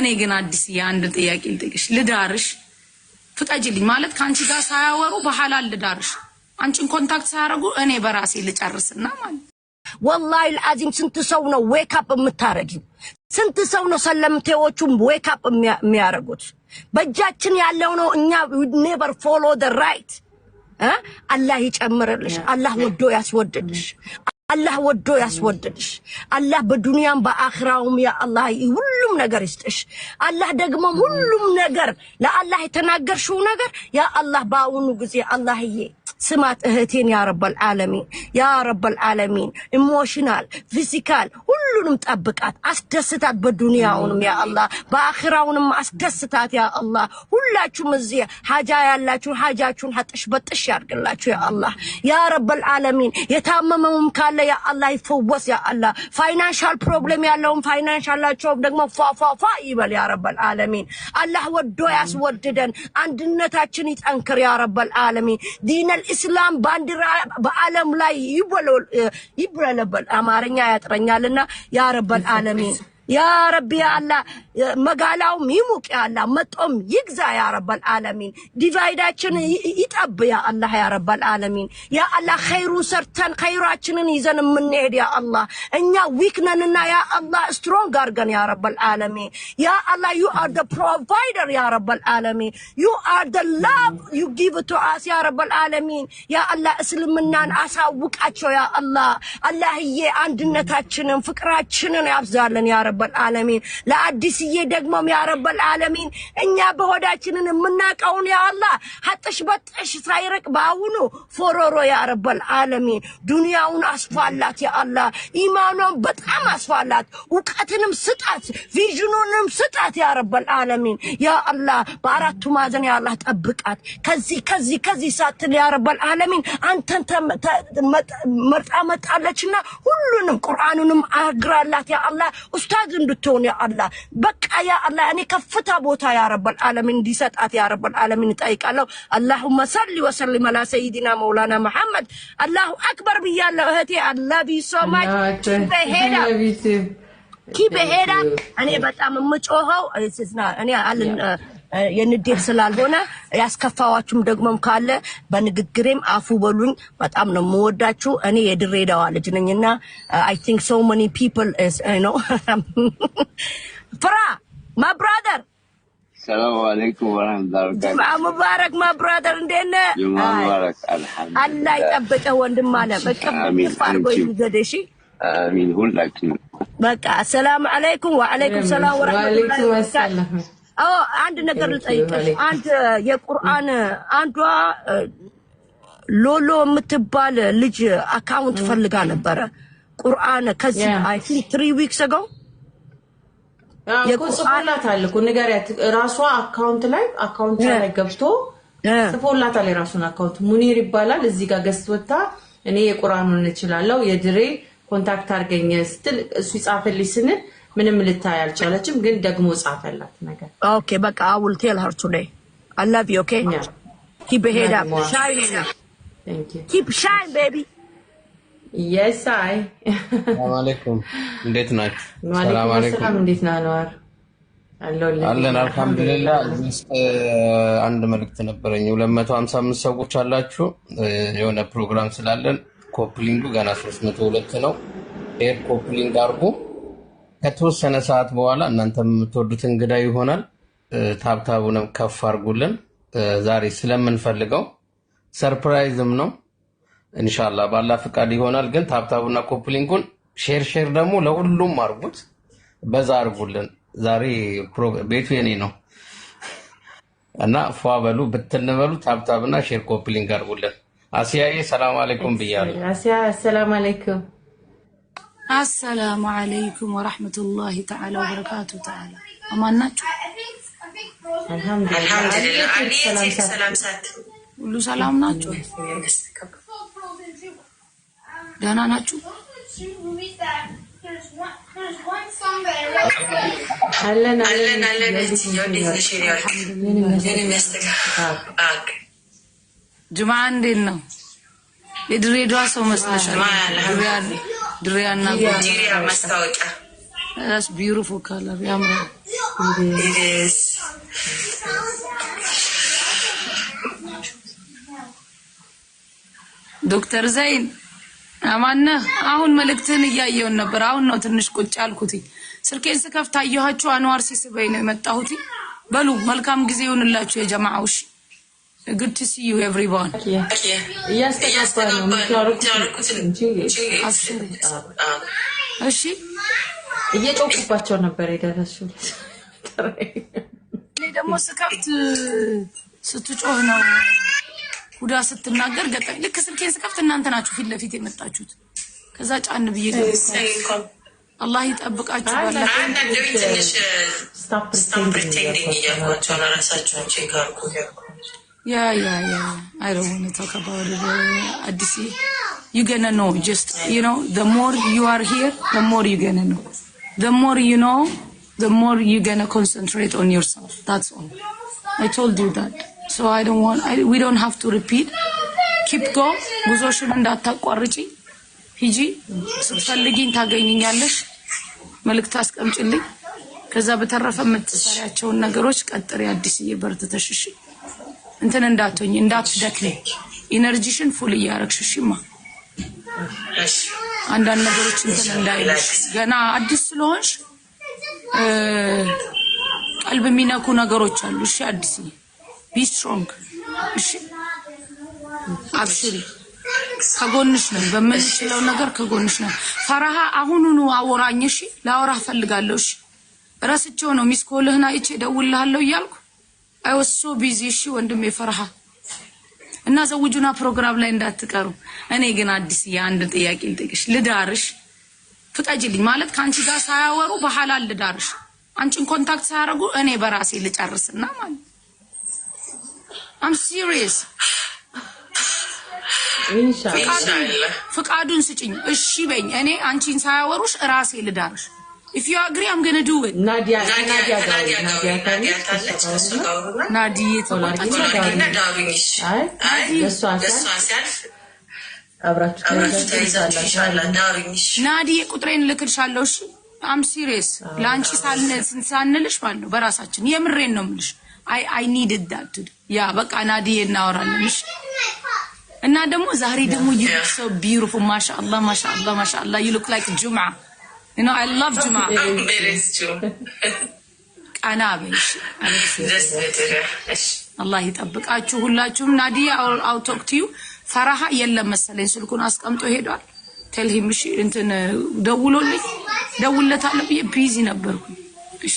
እኔ ግን አዲስ የአንድ ጥያቄ ልጠይቅሽ። ልዳርሽ ፍቀጅልኝ ማለት ከአንቺ ጋር ሳያወሩ በሐላል ልዳርሽ አንቺን ኮንታክት ሳያደርጉ እኔ በራሴ ልጨርስና ማለት ወላሂ ልአዚም ስንት ሰው ነው ዌካፕ የምታረጊው? ስንት ሰው ነው ሰለምቴዎቹም ዌካፕ የሚያደርጉት? በእጃችን ያለው ነው እኛ ኔቨር ፎሎ ደ ራይት አላህ ይጨምርልሽ። አላህ ወዶ ያስወድድሽ። አላህ ወዶ ያስወደድሽ። አላህ በዱንያም በአኽራውም ያ አላህ ሁሉም ነገር ይስጥሽ። አላህ ደግሞ ሁሉም ነገር ለአላህ የተናገርሽው ነገር ያ አላህ በአሁኑ ጊዜ አላህዬ ስማት እህቴን ያረበል ዓለሚን ያረበል ዓለሚን ኢሞሽናል ፊዚካል ሁሉንም ጠብቃት፣ አስደስታት። በዱንያውንም ያ አላህ በአኺራውንም አስደስታት ያ አላህ። ሁላችሁም እዚህ ሀጃ ያላችሁ ሀጃችሁን ሀጥሽ በጥሽ ያድርግላችሁ ያ አላህ ረበል ዓለሚን። የታመመውም ካለ ያ አላህ ይፈወስ ያ አላህ። ፋይናንሻል ፕሮብሌም ያለውም ፋይናንሻላቸው ደግሞ ፏፏፏ ይበል ያ ረበል ዓለሚን። አላህ ወዶ ያስወድደን፣ አንድነታችን ይጠንክር ያ ረበል ዓለሚን ዲን የኢስላም ባንዲራ በዓለም ላይ ይውለበለብ። አማርኛ ያጥረኛልና ያ ረበል ዓለሚን ያ ረቢ አላህ መጋላውም ይሙቅ ያላ መጦም ይግዛ ያ ረበል ዓለሚን። ዲቫይዳችን ይጠብ ያ አላህ ያ ረበል ዓለሚን። ያ አላህ ኸይሩ ሰርተን ኸይራችንን ይዘን የምንሄድ ያ አላህ እኛ ዊክነንና ያ አላህ ስትሮንግ አርገን ያ ረበል ዓለሚን። ያ አላህ ዩ አር ደ ፕሮቫይደር ያ ረበል ዓለሚን። ዩ አር ደ ላቭ ዩ ጊቭ ቱ አስ ያ ረበል ዓለሚን። ያ አላህ እስልምናን አሳውቃቸው ያ አላህ። አላህዬ አንድነታችንን ፍቅራችንን ያብዛልን ያ ረበል ዓለሚን ለአዲስ ብዬ ደግሞ ያረበል አለሚን እኛ በሆዳችንን የምናቀውን ያአላ ሀጥሽ በጥሽ ሳይረቅ በአሁኑ ፎሮሮ ያረበል አለሚን ዱንያውን አስፋላት ያአላ ኢማኗን በጣም አስፋላት እውቀትንም ስጣት ቪዥኑንም ስጣት ያረበል አለሚን ያአላ በአራቱ ማዘን ያአላ ጠብቃት ከዚህ ከዚህ ከዚህ ሳትል ያረበል አለሚን አንተን መርጣ መጣለችና ሁሉንም ቁርአኑንም አግራላት ያአላ ኡስታዝ እንድትሆን ያአላ በቃ ያ አላህ እኔ ከፍታ ቦታ ያ ረበል እንዲሰጣት ያ ረበል እጠይቃለሁ። አላሁመ ሰሊ ወሰሊም አላ ሰይዲና መውላና መሐመድ። አላሁ አክበር ብያለሁ እህቴ። አላህ ቢሶማች ሄዳ ኪ እኔ በጣም የምጮኸው እኔ የንዴት ስላልሆነ ያስከፋዋችሁም ደግሞም ካለ በንግግሬም አፉ በሉኝ። በጣም ነው የምወዳችሁ። እኔ የድሬዳዋ ልጅ ነኝና አይ ቲንክ ሶ መኒ ፒፕል ነው ፍራ ማብራደር ሰላሙ አለይኩም ወራህመቱላሂ ወበረካቱ። ጁምዓ ሙባረክ እንዴት ነህ? ጁምዓ ሙባረክ። ወንድም አለ በቃ አርጎ ይዘደ እሺ። አሚን ሁላችንም በቃ ሰላም አለይኩም ወአለይኩም ሰላም ወራህመቱላሂ አዎ አንድ ነገር ልጠይቅሽ። አንድ የቁርአን አንዷ ሎሎ የምትባል ልጅ አካውንት ፈልጋ ነበረ ቁርአን ከዚህ አይ ቲንክ ትሪ ዊክስ አጎ ጽፎላታል እኮ ንገሪያት። ራሷ አካውንት ላይ አካውንት ላይ ገብቶ ጽፎላታል። የራሱን አካውንት ሙኒር ይባላል። እዚህ ጋር ገዝት ወጥታ እኔ የቁርአኑን እችላለሁ የድሬ ኮንታክት አድርገኝ ስትል እሱ ይጻፈልኝ ስንል ምንም ልታይ አልቻለችም። ግን ደግሞ ጻፈላት ነገር ኦኬ በቃ አውል ቴል ሀር ቱዴይ አይ ኦኬ ኪፕ ሄድ አፕ ሻይን ኪፕ ሻይን ቤቢ የስ አይ አለይኩም፣ እንዴት ናችሁ? ሰላም አለይኩም፣ እንዴት ነህ አንዋር? አለን አልሐምዱሊላህ። አንድ መልእክት ነበረኝ። 255 ሰዎች አላችሁ። የሆነ ፕሮግራም ስላለን ኮፕሊንጉ ገና 302 ነው። ኤር ኮፕሊንግ አድርጎ ከተወሰነ ሰዓት በኋላ እናንተ የምትወዱት እንግዳ ይሆናል። ታብታቡንም ከፍ አድርጉልን። ዛሬ ስለምንፈልገው ሰርፕራይዝም ነው እንሻላ ባላ ፍቃድ ይሆናል። ግን ታብታቡና ኮፕሊንኩን ሼር ሼር ደግሞ ለሁሉም አርጉት፣ በዛ አርጉልን። ዛሬ ቤቱ የኔ ነው እና ፏ በሉ ብትንበሉ ታብታብና ሼር ኮፕሊንግ አርጉልን። አስያዬ ሰላም አለይኩም ብያለሁ። አሰላም አለይኩም አሰላሙ አለይኩም ወራህመቱላሂ ተዓላ ወበረካቱ። ተዓላ አማን ናችሁ? አልሐምዱሊላህ። ሰላም ሁሉ ሰላም ናችሁ? ደህና ናችሁ? አለን አለን አለን። ጅማ እንዴት ነው? የድሬዳዋ ሰው መስለሻል። ድሬያና ማስታወቂያ ስ ቢዩቲፉል ካለር ያምራል። ዶክተር ዘይን ማነህ አሁን መልእክትህን እያየውን ነበር። አሁን ነው ትንሽ ቁጭ ያልኩት። ስልኬን ስከፍት አየኋችሁ። አንዋር ሲስበኝ ነው የመጣሁት። በሉ መልካም ጊዜ ይሁንላችሁ የጀማዓውሽ ግድ ሲዩ ኤቭሪዋን እያስተጋባ ነው። እሺ እየጮኩባቸው ነበር የደረሱ ደግሞ ስከፍት ስትጮህ ነው ሁዳ ስትናገር ገጠ ልክ ስልኬን ስከፍት እናንተ ናችሁ ፊት ለፊት የመጣችሁት። ከዛ ጫን ብዬ አላህ ይጠብቃችሁ። ያ ያ ያ አይ ዶንት ዋንት ቱ ታክ አባውት አዲስ ዩ ገነ ኖ ጀስት ዩ ኖ ዘ ሞር ዩ አር ሂር ዘ ሞር ዩ ገነ ኖ ዘ ሞር ዩ ኖ ዘ ሞር ዩ ገነ ኮንሰንትሬት ኦን ዮርሰልፍ ኦል አይ ቶልድ ዩ ዳት ሶ አይ ዶንት ዋንት ዊ ዶንት ሃቭ ቱ ሪፒት ኪፕ ጎ ጉዞሽን እንዳታቋርጪ ሂጂ። ስትፈልጊኝ ታገኝኛለሽ። መልእክት አስቀምጭልኝ ከዛ በተረፈ የምትሰሪያቸውን ነገሮች ቀጥሪ። አዲስዬ በርትተሽሽ እንትን እንዳትሆኝ እንዳትደክሜ ኢነርጂሽን ፉል እያረግሽሽማ አንዳንድ ነገሮች እንትን እንዳይልሽ ገና አዲስ ስለሆንሽ ቀልብ የሚነኩ ነገሮች አሉ። እሺ አዲስዬ ቢስትሮንግ እሺ፣ አብሽሪ ከጎንሽ ነን። በምንችለው ነገር ከጎንሽ ነን። ፈረሃ አሁኑኑ አወራኝ። እሺ፣ ላወራህ እፈልጋለሁ። እሺ፣ ረስቼው ነው ሚስኮልህን አይቼ እደውልልሃለሁ እያልኩ አይወሶ ቢዚ። እሺ ወንድሜ ፈረሃ እና ዘውጁና ፕሮግራም ላይ እንዳትቀሩ። እኔ ግን አዲስ የአንድ ጥያቄ ልጠይቅሽ። ልዳርሽ ፍቀጅልኝ ማለት ከአንቺ ጋር ሳያወሩ በኋላ ልዳርሽ አንቺን ኮንታክት ሳያደርጉ እኔ በራሴ ልጨርስና ማለት አም ሲሪየስ ፍቃዱን ስጭኝ፣ እሺ በኝ። እኔ አንቺን ሳያወሩሽ እራሴ ልዳርሽ። ኢፍ ዩ አግሪ አም ገነ ዱ ኢት ናዲያ ናዲያ ናዲያ ቁጥሬን ልክልሻለሁ። እሺ አም ሲሪየስ ለአንቺ ሳንልሽ ማለት ነው። በራሳችን የምሬን ነው የምልሽ። አይ አይ ዳት ያ በቃ ናዲ እናወራለን። እሺ እና ደግሞ ዛሬ ደግሞ ዩ ሶ ቢዩቲፉ ማሻአላ ማሻአላ ማሻአላ ዩ ሉክ ላይክ ጁማ ዩ ኖ አይ ላቭ ጁማ ቀና በሽ አላህ ይጠብቃችሁ ሁላችሁም። ናዲያ አው ቶክ ቱ ዩ የለም መሰለኝ ስልኩን አስቀምጦ ሄዷል። ቴልሂም እሺ እንትን ደውሎልኝ ደውለታለሁ ብዬ ቢዚ ነበርኩኝ። እሺ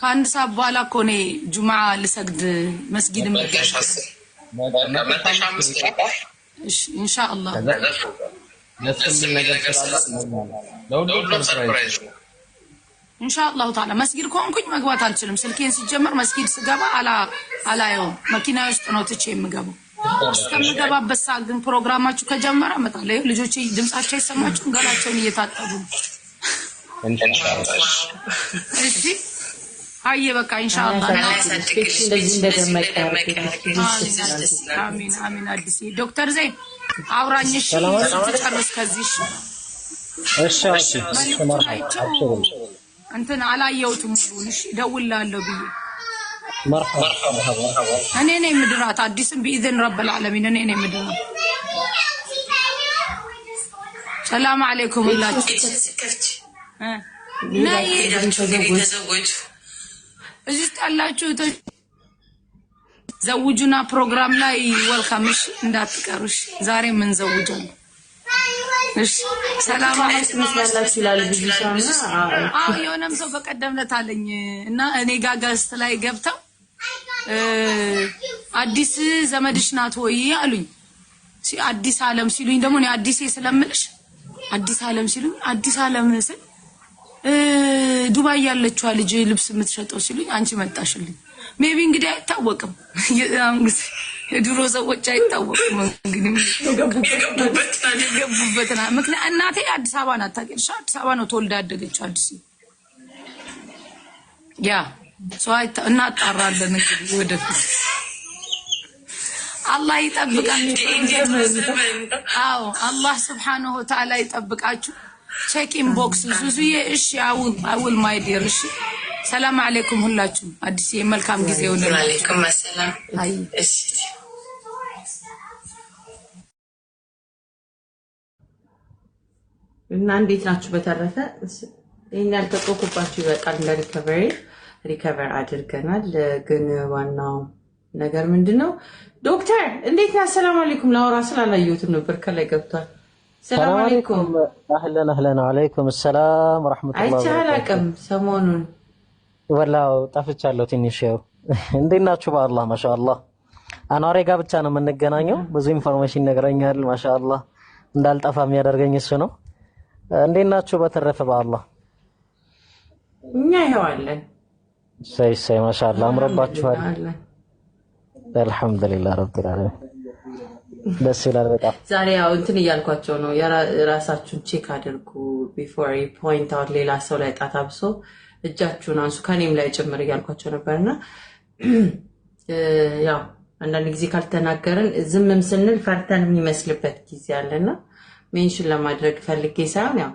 ከአንድ ሰዓት በኋላ እኮ እኔ ጁማ ልሰግድ መስጊድ ኢንሻአላህ ተዓላ መስጊድ ከሆንኩኝ መግባት አልችልም። ስልኬን ሲጀመር መስጊድ ስገባ አላየውም። መኪና ውስጥ ነው ትቼ የምገባው። እስከምገባበት ሰዓት ግን ፕሮግራማችሁ ከጀመረ እመጣለሁ። ልጆች ድምጻቸው አይሰማችሁም? ገላቸውን እየታጠቡ እሺ። አየ በቃ ኢንሻአላህ አሚን አሚን። አዲስ ዶክተር ዘይ አውራኝሽ ትጨርስ ከዚህ እሺ። እሺ እንትን አላየሁትም። ሙሉን እሺ፣ ደውላለሁ ብዬ እኔ ነኝ ምድራት አዲስን ብኢዝን ረብል ዓለሚን እኔ ነኝ ምድራት። ሰላም አለይኩም ሁላችሁ። እዚህ ያላችሁ ዘውጁና ፕሮግራም ላይ ወልካምሽ እንዳትቀሩሽ። ዛሬ ምን ዘውጀው ሰላም የሆነም ሰው በቀደም ዕለት አለኝ እና እኔ ጋር ገስት ላይ ገብተው አዲስ ዘመድሽ ናት ወይ አሉኝ። አዲስ ዓለም ሲሉኝ ደግሞ እኔ አዲሴ ስለምልሽ አዲስ ዓለም ሲሉኝ አዲስ ዓለም ስል ዱባይ ያለችዋ ልጅ ልብስ የምትሸጠው ሲሉኝ አንቺ መጣሽልኝ። ሜቢ እንግዲህ አይታወቅም። የድሮ ሰዎች አይታወቅም። እንግዲህ የገቡበት ምክንያት እናቴ አዲስ አበባ ናት። ታውቂያለሽ፣ አዲስ አበባ ነው ተወልዳ ያደገችው አዲስ ያ እናጣራለን እንግዲህ ወደፊት አላህ ይጠብቃችሁ። አዎ አላህ ስብሓነሁ ወተዓላ ይጠብቃችሁ። ቼክ ቦክስ ዙዙዬ። እሺ አውል አውል ማይ ዲር እሺ። ሰላም አለይኩም ሁላችሁም። አዲስ መልካም ጊዜ ሆነ። አለይኩም ሰላም። እሺ እና እንዴት ናችሁ? በተረፈ ይሄን ያልተቆኩባችሁ ይበቃል ለሪከቨሪ ሪከቨር አድርገናል። ግን ዋናው ነገር ምንድን ነው? ዶክተር እንዴት ነህ? አሰላሙ አለይኩም። ላውራ ስላላየሁትም ነበር ከላይ ገብቷል። ሰላም አለይኩም። አህለን አህለን። አለይኩም ሰላም ረሕመቱላሂ። አይቼህ አላውቅም ሰሞኑን። ወላሂ ጠፍቻለሁ ትንሽ። ያው እንዴት ናችሁ? በአላህ ማሻአላህ። አኗሬ ጋር ብቻ ነው የምንገናኘው። ብዙ ኢንፎርሜሽን ይነግረኛል። ማሻአላህ እንዳልጠፋ የሚያደርገኝ እሱ ነው። እንዴት ናችሁ? በተረፈ በአላህ እኛ ይኸዋለን ሰይ ሰይ ማሻአላ አምሮባችኋል። አልሐምዱሊላህ ረቢል ዓለሚን ደስ ይላል በጣም። ዛሬ ያው እንትን እያልኳቸው ነው የራሳችሁን ቼክ አድርጉ ቢፎር ፖይንት አውት፣ ሌላ ሰው ላይ ጣት አብሶ እጃችሁን አንሱ ከኔም ላይ ጭምር እያልኳቸው ነበርና እና ያው አንዳንድ ጊዜ ካልተናገርን ዝምም ስንል ፈርተን የሚመስልበት ጊዜ አለና ሜንሽን ለማድረግ ፈልጌ ሳይሆን ያው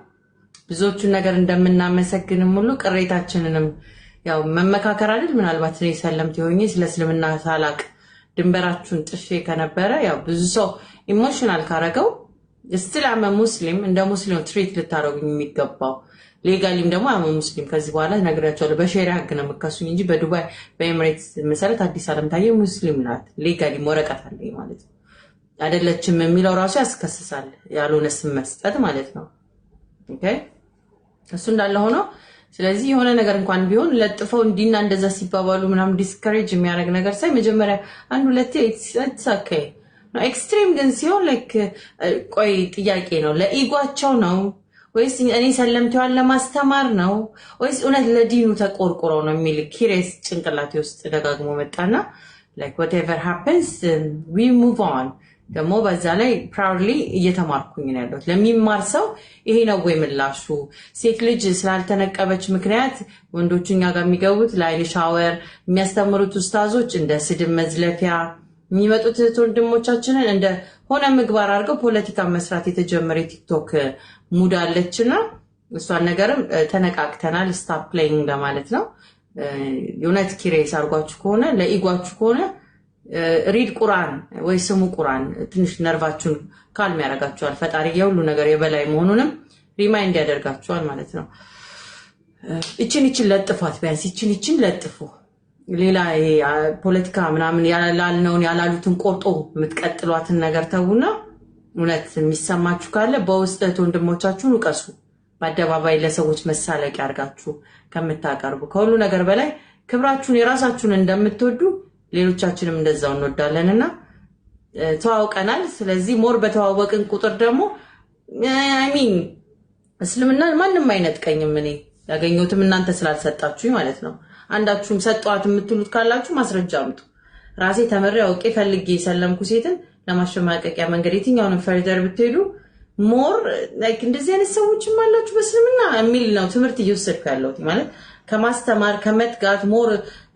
ብዙዎቹን ነገር እንደምናመሰግንም ሁሉ ቅሬታችንንም ያው መመካከር አይደል ምናልባት እኔ ሰለምት የሆኝ ስለ እስልምና ሳላቅ ድንበራችሁን ጥሼ ከነበረ ያው ብዙ ሰው ኢሞሽናል ካረገው ስትል አመ ሙስሊም እንደ ሙስሊም ትሪት ልታደረጉኝ የሚገባው ሌጋሊም ደግሞ አመ ሙስሊም ከዚህ በኋላ ነግራቸዋለሁ። በሸሪያ ህግ ነው የምከሱኝ እንጂ በዱባይ በኤምሬት መሰረት አዲስ አለም ታየ ሙስሊም ናት ሌጋሊም ወረቀት አለኝ ማለት ነው አይደለችም የሚለው ራሱ ያስከስሳል። ያልሆነ ስም መስጠት ማለት ነው። እሱ እንዳለ ሆኖ ስለዚህ የሆነ ነገር እንኳን ቢሆን ለጥፈው እንዲና እንደዛ ሲባባሉ ምናምን ዲስከሬጅ የሚያደርግ ነገር ሳይ መጀመሪያ አንድ ሁለቴ የተሳካ ነው። ኤክስትሪም ግን ሲሆን ላይክ ቆይ ጥያቄ ነው፣ ለኢጓቸው ነው ወይስ እኔ ሰለምቲዋን ለማስተማር ነው ወይስ እውነት ለዲኑ ተቆርቁሮ ነው የሚል ኪሬስ ጭንቅላቴ ውስጥ ደጋግሞ መጣና ላይክ ወቴቨር ሃፕንስ ዊ ሙቭ ኦን ደግሞ በዛ ላይ ፕራውድሊ እየተማርኩኝ ነው ያለሁት። ለሚማር ሰው ይሄ ነው ወይ ምላሹ? ሴት ልጅ ስላልተነቀበች ምክንያት ወንዶቹ እኛ ጋር የሚገቡት ለአይን ሻወር የሚያስተምሩት ውስታዞች እንደ ስድብ መዝለፊያ የሚመጡት እህት ወንድሞቻችንን እንደ ሆነ ምግባር አድርገው ፖለቲካ መስራት የተጀመረ የቲክቶክ ሙድ አለችና እሷን ነገርም ተነቃቅተናል። ስታፕ ፕሌይንግ ለማለት ነው። የእውነት ኪሬስ አድርጓችሁ ከሆነ ለኢጓችሁ ከሆነ ሪድ ቁርአን ወይ ስሙ ቁርአን ትንሽ ነርቫችሁን ካልም ያደርጋችኋል። ፈጣሪ የሁሉ ነገር የበላይ መሆኑንም ሪማይንድ ያደርጋችኋል ማለት ነው። እችን እችን ለጥፏት፣ ቢያንስ እችን እችን ለጥፉ። ሌላ ፖለቲካ ምናምን ያላልነውን ያላሉትን ቆርጦ የምትቀጥሏትን ነገር ተዉና እውነት የሚሰማችሁ ካለ በውስጥ እህት ወንድሞቻችሁን ውቀሱ። በአደባባይ ለሰዎች መሳለቂያ አድርጋችሁ ከምታቀርቡ ከሁሉ ነገር በላይ ክብራችሁን የራሳችሁን እንደምትወዱ ሌሎቻችንም እንደዛው እንወዳለን እና ተዋውቀናል። ስለዚህ ሞር በተዋወቅን ቁጥር ደግሞ ሚን እስልምና ማንም አይነጥቀኝም። እኔ ያገኘሁትም እናንተ ስላልሰጣችሁኝ ማለት ነው። አንዳችሁም ሰጠዋት የምትሉት ካላችሁ ማስረጃ አምጡ። ራሴ ተምሬ አውቄ ፈልጌ የሰለምኩ ሴትን ለማሸማቀቂያ መንገድ የትኛውንም ፈርደር ብትሄዱ ሞር እንደዚህ አይነት ሰዎችም አላችሁ በእስልምና የሚል ነው ትምህርት እየወሰድኩ ያለሁት ማለት ከማስተማር ከመትጋት ሞር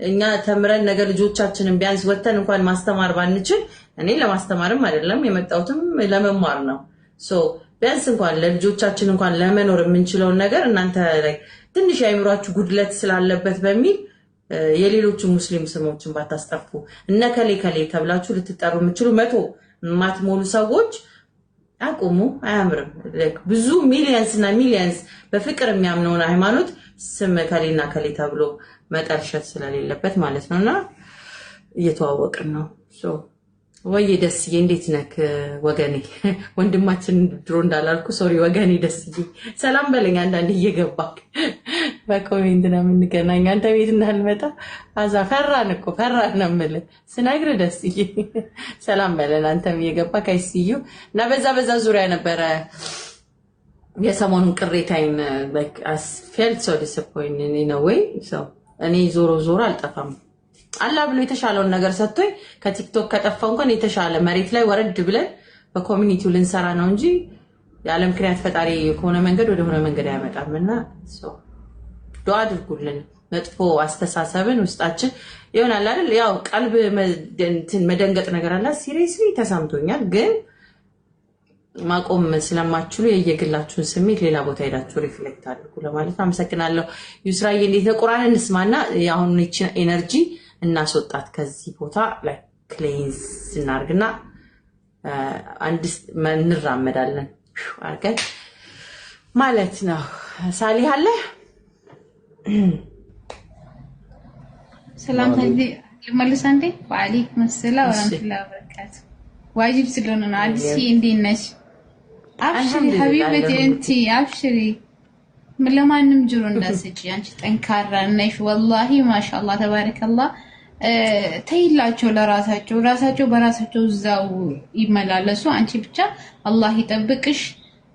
እኛ ተምረን ነገር ልጆቻችንን ቢያንስ ወተን እንኳን ማስተማር ባንችል፣ እኔ ለማስተማርም አይደለም የመጣሁትም ለመማር ነው። ቢያንስ እንኳን ለልጆቻችን እንኳን ለመኖር የምንችለውን ነገር እናንተ ትንሽ የአይምሯችሁ ጉድለት ስላለበት በሚል የሌሎቹ ሙስሊም ስሞችን ባታስጠፉ እነ ከሌ ከሌ ተብላችሁ ልትጠሩ የምችሉ መቶ የማትሞሉ ሰዎች አቁሙ። አያምርም። ብዙ ሚሊየንስ እና ሚሊየንስ በፍቅር የሚያምነውን ሃይማኖት ስም ከሌና ከሌ ተብሎ መጠርሸት ስለሌለበት ማለት ነው። እና እየተዋወቅን ነው። ወይዬ ደስዬ እንዴት ነክ ወገኔ? ወንድማችን ድሮ እንዳላልኩ ሶሪ ወገኔ ደስዬ ሰላም በለኝ። አንዳንድ እየገባ በኮሜንት ነው የምንገናኝ። አንተ ቤት እንዳልመጣ አዛ ፈራን እኮ ፈራን ነው የምልህ ስነግር ደስዬ ሰላም በለን። አንተም እየገባ ከይስዩ እና በዛ በዛ ዙሪያ ነበረ የሰሞኑን ቅሬታይን ፌልት ሰው ዲስፖይንት ነው ወይ ሰው እኔ ዞሮ ዞሮ አልጠፋም። አላ ብሎ የተሻለውን ነገር ሰጥቶኝ ከቲክቶክ ከጠፋው እንኳን የተሻለ መሬት ላይ ወረድ ብለን በኮሚኒቲው ልንሰራ ነው እንጂ የዓለም ምክንያት ፈጣሪ ከሆነ መንገድ ወደ ሆነ መንገድ አያመጣም። እና ዶ አድርጉልን። መጥፎ አስተሳሰብን ውስጣችን ይሆናል አይደል? ያው ቀልብ መደንገጥ ነገር አላ ሲሪየስሊ ተሰምቶኛል ግን ማቆም ስለማችሉ የየግላችሁን ስሜት ሌላ ቦታ ሄዳችሁ ሪፍሌክት አድርጉ ለማለት አመሰግናለሁ። ዩስራዬ እንዴት ነው? ቁርአን እንስማና የአሁኑ ይችን ኤነርጂ እናስወጣት ከዚህ ቦታ ላይ ክሌንዝ እናርግና አንድ እንራመዳለን አርገን ማለት ነው። ሳሊህ አለ ሰላም ልመልስ አንዴ። ወአለይኩም ሰላም ወራህመቱላሂ ወበረካቱ። ዋጅብ ስለሆነ ነው። አዲስ እንዴት ነሽ? አብሽሪ ሀቢበቴ እንቲ አብሽሪ ለማንም ጆሮ እንዳትሰጪ። አንቺ ጠንካራ ነሽ። ወላሂ ማሻአላህ ተባረከላህ። ተይላቸው ለራሳቸው ራሳቸው በራሳቸው እዛው ይመላለሱ። አንቺ ብቻ አላህ ይጠብቅሽ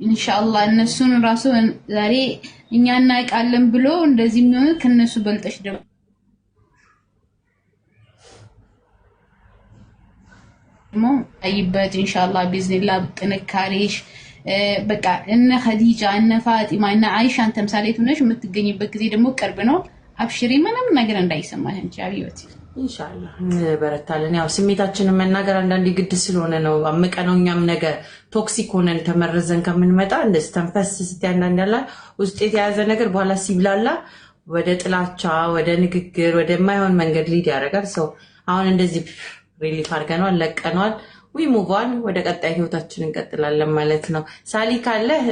እንሻላ እነሱን ራሱ ዛሬ እኛ እናውቃለን ብሎ እንደዚህ የሚሆኑ ከነሱ በልጠሽ ደግሞ አይበት ኢንሻአላህ ቢዝኒላህ ጥንካሬሽ በቃ እነ ከዲጃ እነ ፋጢማ እነ አይሻን ተምሳሌት ሆነሽ የምትገኝበት ጊዜ ደግሞ ቅርብ ነው። አብሽሪ፣ ምንም ነገር እንዳይሰማሽ አንቺ አብዮት። ኢንሻላህ በረታለን። ያው ስሜታችንን መናገር አንዳንዴ ግድ ስለሆነ ነው። አምቀነው እኛም ነገ ቶክሲክ ሆነን ተመረዘን ከምንመጣ እንደ ተንፈስ ስት አንዳንድ ያላ ውስጥ የተያዘ ነገር በኋላ ሲብላላ ወደ ጥላቻ፣ ወደ ንግግር፣ ወደማይሆን መንገድ ሊድ ያደርጋል ሰው። አሁን እንደዚህ ሪሊፍ አድርገነዋል፣ ለቀነዋል። ዊ ሙቫን ወደ ቀጣይ ህይወታችን እንቀጥላለን ማለት ነው። ሳሊ ካለህ